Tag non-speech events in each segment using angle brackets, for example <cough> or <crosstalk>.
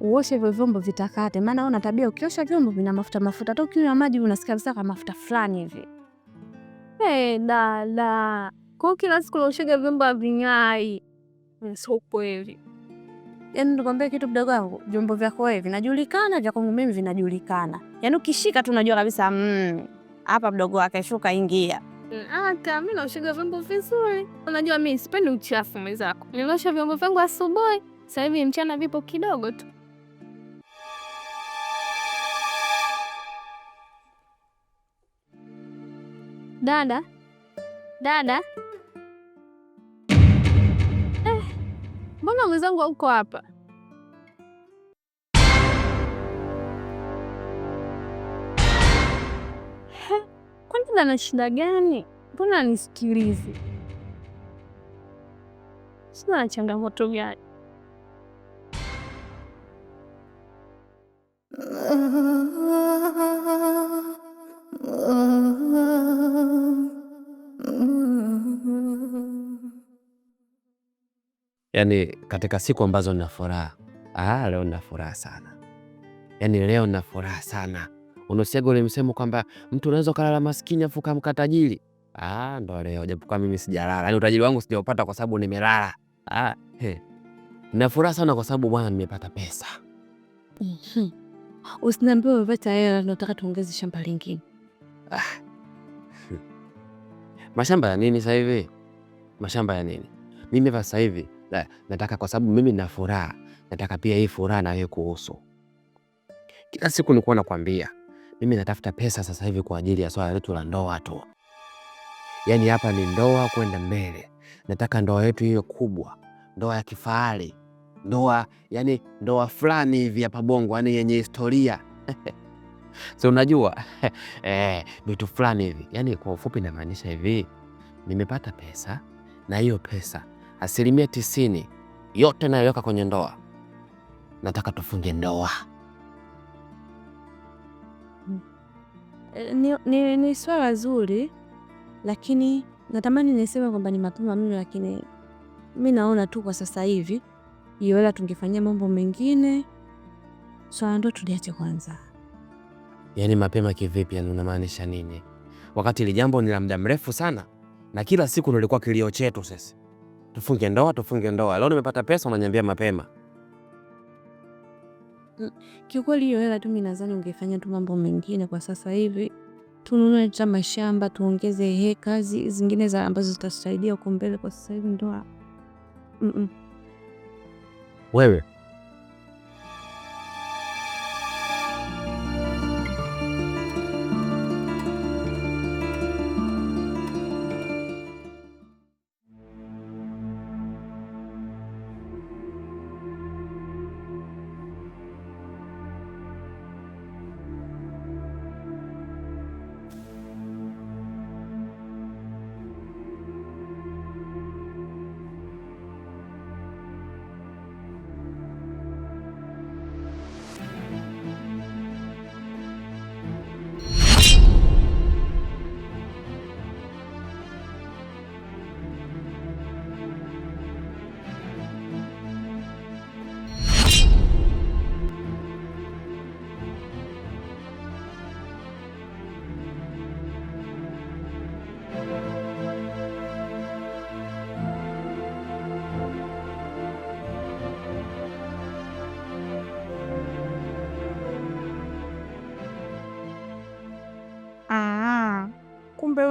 uoshe hivyo vyombo vitakate, maana una tabia ukiosha vyombo vina mafuta mafuta, hata ukinywa maji unasikia kabisa kama mafuta fulani hivi. Hey, dada kwa kila siku naoshaga vyombo havinyai, sio kweli. Yaani nikwambia kitu mdogo wangu, vyombo vyako wewe vinajulikana, vya kwangu mimi vinajulikana. Yaani ukishika tu unajua kabisa mm, hapa, mm, mdogo wake shuka ingia. Mm, hata mimi naoshaga vyombo vizuri, unajua mimi sipendi uchafu mwenzako. Niliosha vyombo vyangu asubuhi, sasa hivi mchana vipo kidogo tu. Dada, dada, eh, mbona mwenzangu hauko hapa? Kwani dada ana shida gani? Mbona anisikilizi? Sina na changamoto gani? yani katika siku ambazo nina furaha ah, leo nina furaha sana, yani leo nina furaha sana. Unasiaga ule msemo kwamba mtu unaweza ukalala maskini afu kamka tajiri. Ah, ndo leo, japokuwa mimi sijalala, yani utajiri wangu sijaupata kwa sababu nimelala. Ah, he, nina furaha sana kwa sababu bwana, nimepata pesa. Mhm. Usiniambie umepata hela, nataka tuongeze shamba lingine. Ah, hm. mashamba ya nini sasa hivi? Mashamba ya nini? Mimi sasa hivi na, eh, nataka kwa sababu mimi nina furaha, nataka pia hii furaha na wewe kuhusu. Kila siku nilikuwa nakwambia mimi natafuta pesa sasa hivi kwa ajili ya swala letu la ndoa tu, yaani hapa ni ndoa kwenda mbele. Nataka ndoa yetu hiyo kubwa, ndoa ya kifahari, ndoa yani ndoa fulani hivi hapa Bongo, yani yenye historia so <laughs> unajua <laughs> eh, vitu eh, fulani hivi yani. Kwa ufupi namaanisha hivi, nimepata pesa na hiyo pesa asilimia tisini yote nayoweka kwenye ndoa, nataka tufunge ndoa. Ni, ni, ni swala zuri, lakini natamani niseme kwamba ni mapema mno, lakini mi naona tu kwa sasa hivi iyoela, tungefanyia mambo mengine swala ndo tuliache kwanza. Yaani mapema kivipi? Yani unamaanisha nini? Wakati ili jambo ni la muda mrefu sana na kila siku nilikuwa kilio chetu sasa tufunge ndoa, tufunge ndoa. Leo nimepata pesa unaniambia mapema. Mm, kiukweli hiyo hela tu mimi nadhani ungefanya tu mambo mengine kwa sasa hivi, tununue ta mashamba tuongeze he kazi zingine za ambazo zitasaidia huko mbele. Kwa sasa hivi ndoa mm -mm. Wewe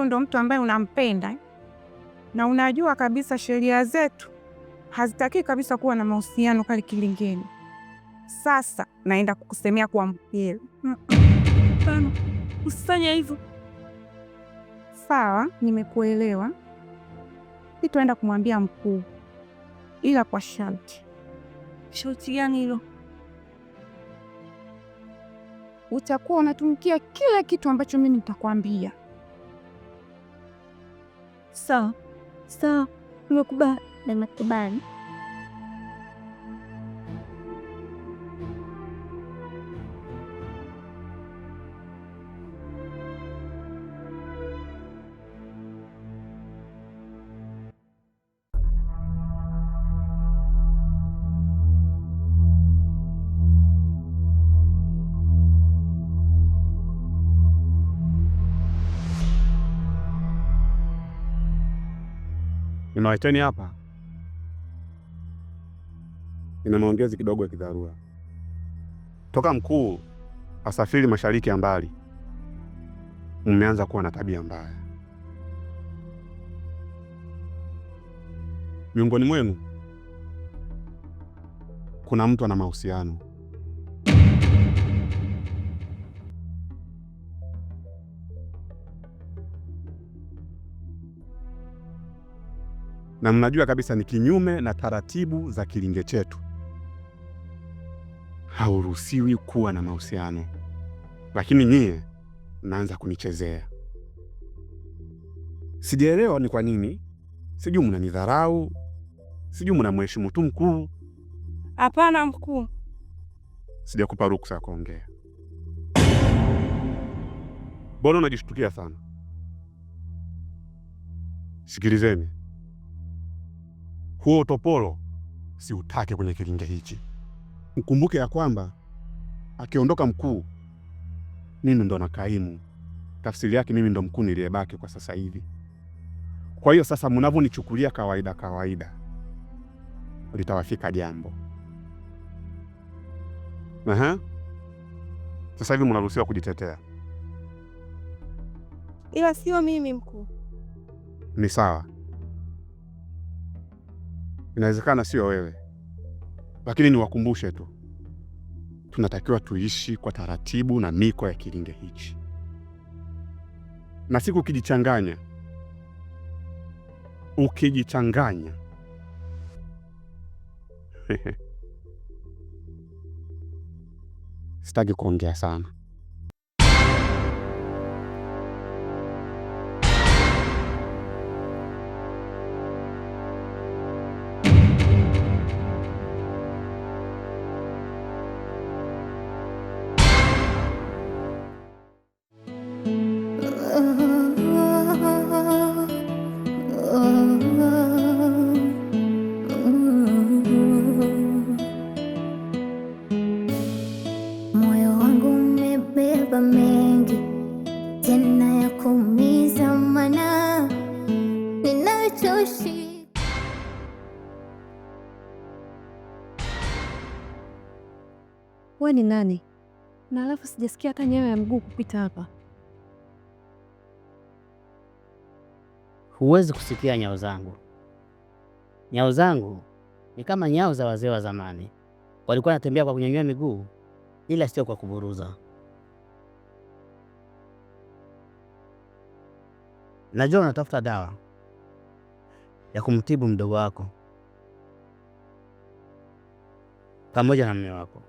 ndo mtu ambaye unampenda na unajua kabisa sheria zetu hazitakii kabisa kuwa na mahusiano kali kilingeni. Sasa naenda kukusemea kwa mpili. Usifanye hivyo. Sawa, nimekuelewa. Sitaenda kumwambia mkuu, ila kwa sharti. Sharti gani hilo? Utakuwa unatumikia kila kitu ambacho mimi nitakwambia. Sawa sawa, umekubali? Nimekubali. Nimewahiteni hapa, nina maongezi kidogo ya kidharura toka mkuu asafiri mashariki ya mbali. Mmeanza kuwa na tabia mbaya miongoni mwenu. Kuna mtu ana mahusiano na mnajua kabisa ni kinyume na taratibu za kilinge chetu. Hauruhusiwi kuwa na mahusiano, lakini nyie mnaanza kunichezea. Sijaelewa ni kwa nini, sijui mnanidharau, sijui mnamheshimu tu mkuu. Hapana mkuu, sijakupa ruksa ya kuongea. Mbona unajishtukia sana? Sikilizeni, huo utopolo si utake kwenye kilinge hichi. Mkumbuke ya kwamba akiondoka mkuu, mimi ndo na kaimu Tafsiri yake mimi ndo mkuu niliyebaki kwa sasa hivi. Kwa hiyo sasa, mnavyonichukulia kawaida kawaida, litawafika jambo. Aha, sasa hivi mnaruhusiwa kujitetea, ila sio mimi mkuu. Ni sawa. Inawezekana sio wewe, lakini niwakumbushe tu, tunatakiwa tuishi kwa taratibu na miko ya kilinge hichi, na siku ukijichanganya ukijichanganya <laughs> sitaki kuongea sana. we ni nani? Na alafu sijasikia hata nyayo ya mguu kupita hapa. Huwezi kusikia nyao zangu. Nyao zangu ni kama nyao za wazee wa zamani, walikuwa wanatembea kwa kunyanyua miguu, ila sio kwa kuburuza. Najua unatafuta dawa ya kumtibu mdogo wako pamoja na mume wako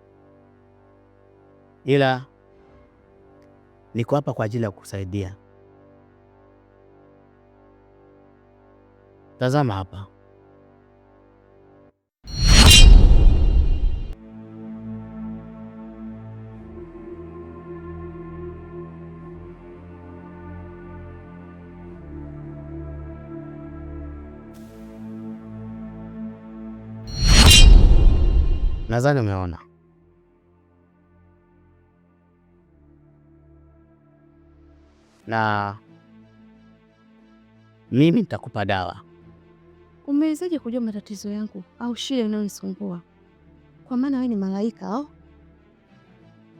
ila niko hapa kwa ajili ya kukusaidia. Tazama hapa. Nadhani umeona. na mimi nitakupa dawa. Umewezaje kujua matatizo yangu au shida inayonisumbua? Kwa maana wewe ni malaika au oh?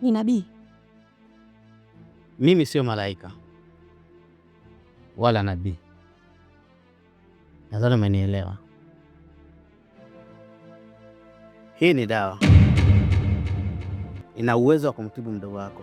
ni nabii? Mimi sio malaika wala nabii, nadhani umenielewa. Hii ni dawa, ina uwezo wa kumtibu mdogo wako.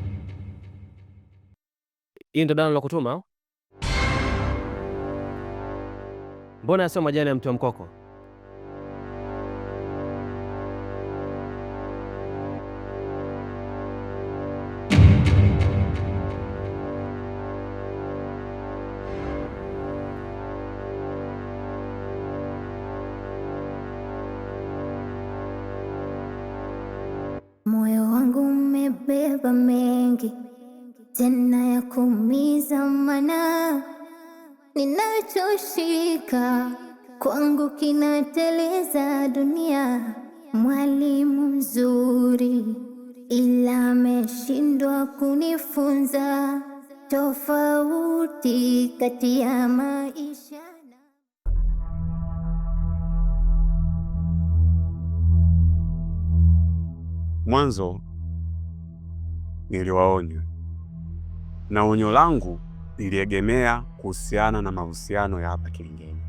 Hii ndo dana la kutuma. Mbona sio majani ya mti wa mkoko? Moyo wangu umebeba mengi tena ya kumiza mana ninachoshika kwangu kinateleza dunia. Mwalimu mzuri ila ameshindwa kunifunza tofauti kati ya maisha Mwanzo niliwaonya na onyo langu niliegemea kuhusiana na mahusiano ya hapa Kilingeni,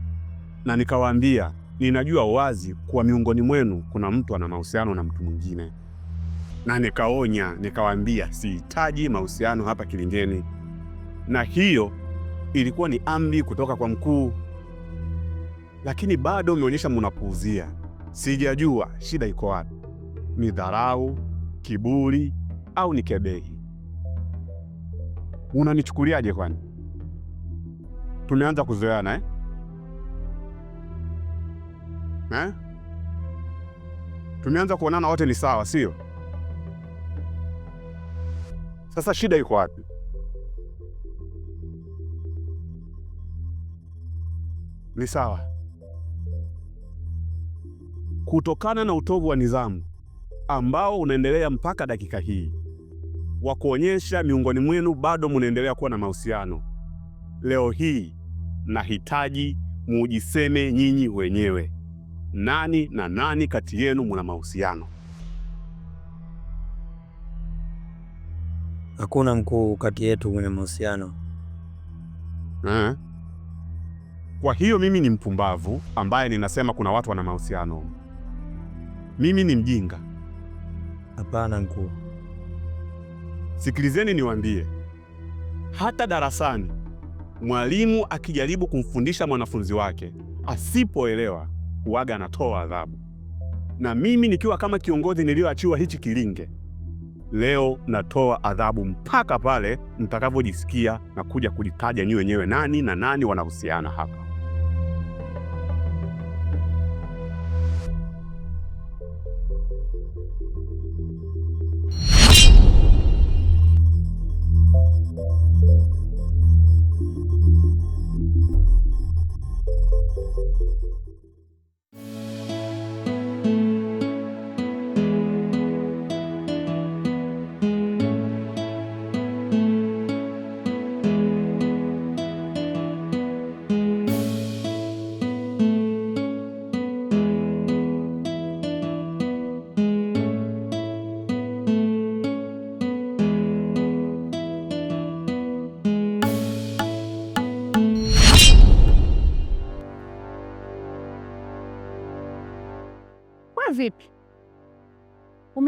na nikawaambia ninajua wazi kuwa miongoni mwenu kuna mtu ana mahusiano na mtu mwingine, na nikaonya nikawaambia sihitaji mahusiano hapa Kilingeni, na hiyo ilikuwa ni amri kutoka kwa mkuu. Lakini bado mmeonyesha mnapuuzia. Sijajua shida iko wapi, ni dharau, kiburi au ni kebehi? Unanichukuliaje kwani? Tumeanza kuzoeana eh? Eh? Tumeanza kuonana wote ni sawa, sio? Sasa shida iko wapi? Ni sawa. Kutokana na utovu wa nidhamu ambao unaendelea mpaka dakika hii wa kuonyesha miongoni mwenu bado munaendelea kuwa na mahusiano. Leo hii nahitaji muujiseme nyinyi wenyewe, nani na nani kati yenu muna mahusiano? Hakuna mkuu kati yetu mwenye mahusiano. Eh. Kwa hiyo mimi ni mpumbavu ambaye ninasema kuna watu wana mahusiano. Mimi ni mjinga? Hapana mkuu. Sikilizeni niwaambie, hata darasani mwalimu akijaribu kumfundisha mwanafunzi wake asipoelewa, huaga anatoa adhabu. Na mimi nikiwa kama kiongozi niliyoachiwa hichi kilinge, leo natoa adhabu mpaka pale mtakavyojisikia na kuja kujitaja nyi wenyewe nani na nani wanahusiana hapa.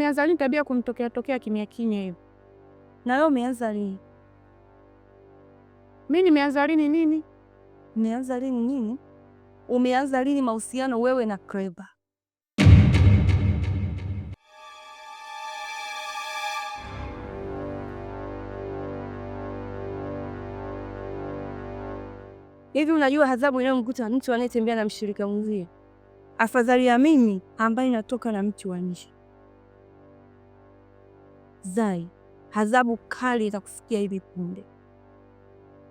umeanza lini tabia kumtokea tokea kimya kimya hiyo? Na wewe umeanza lini? Mimi nimeanza lini nini? Umeanza lini nini? Umeanza lini mahusiano wewe na Kleba? Hivi unajua adhabu inayomkuta mtu anayetembea na mshirika mwenzie afadhali ya mimi ambaye natoka na mtu wa nje zai, adhabu kali itakufikia hivi punde.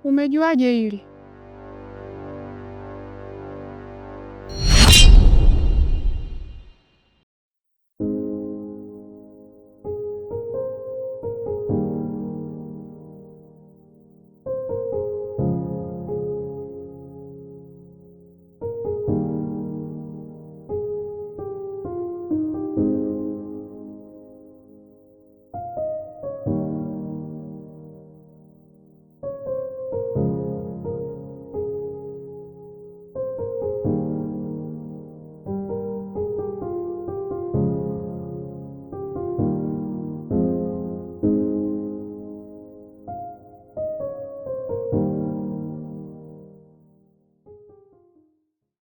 Umejuaje hili?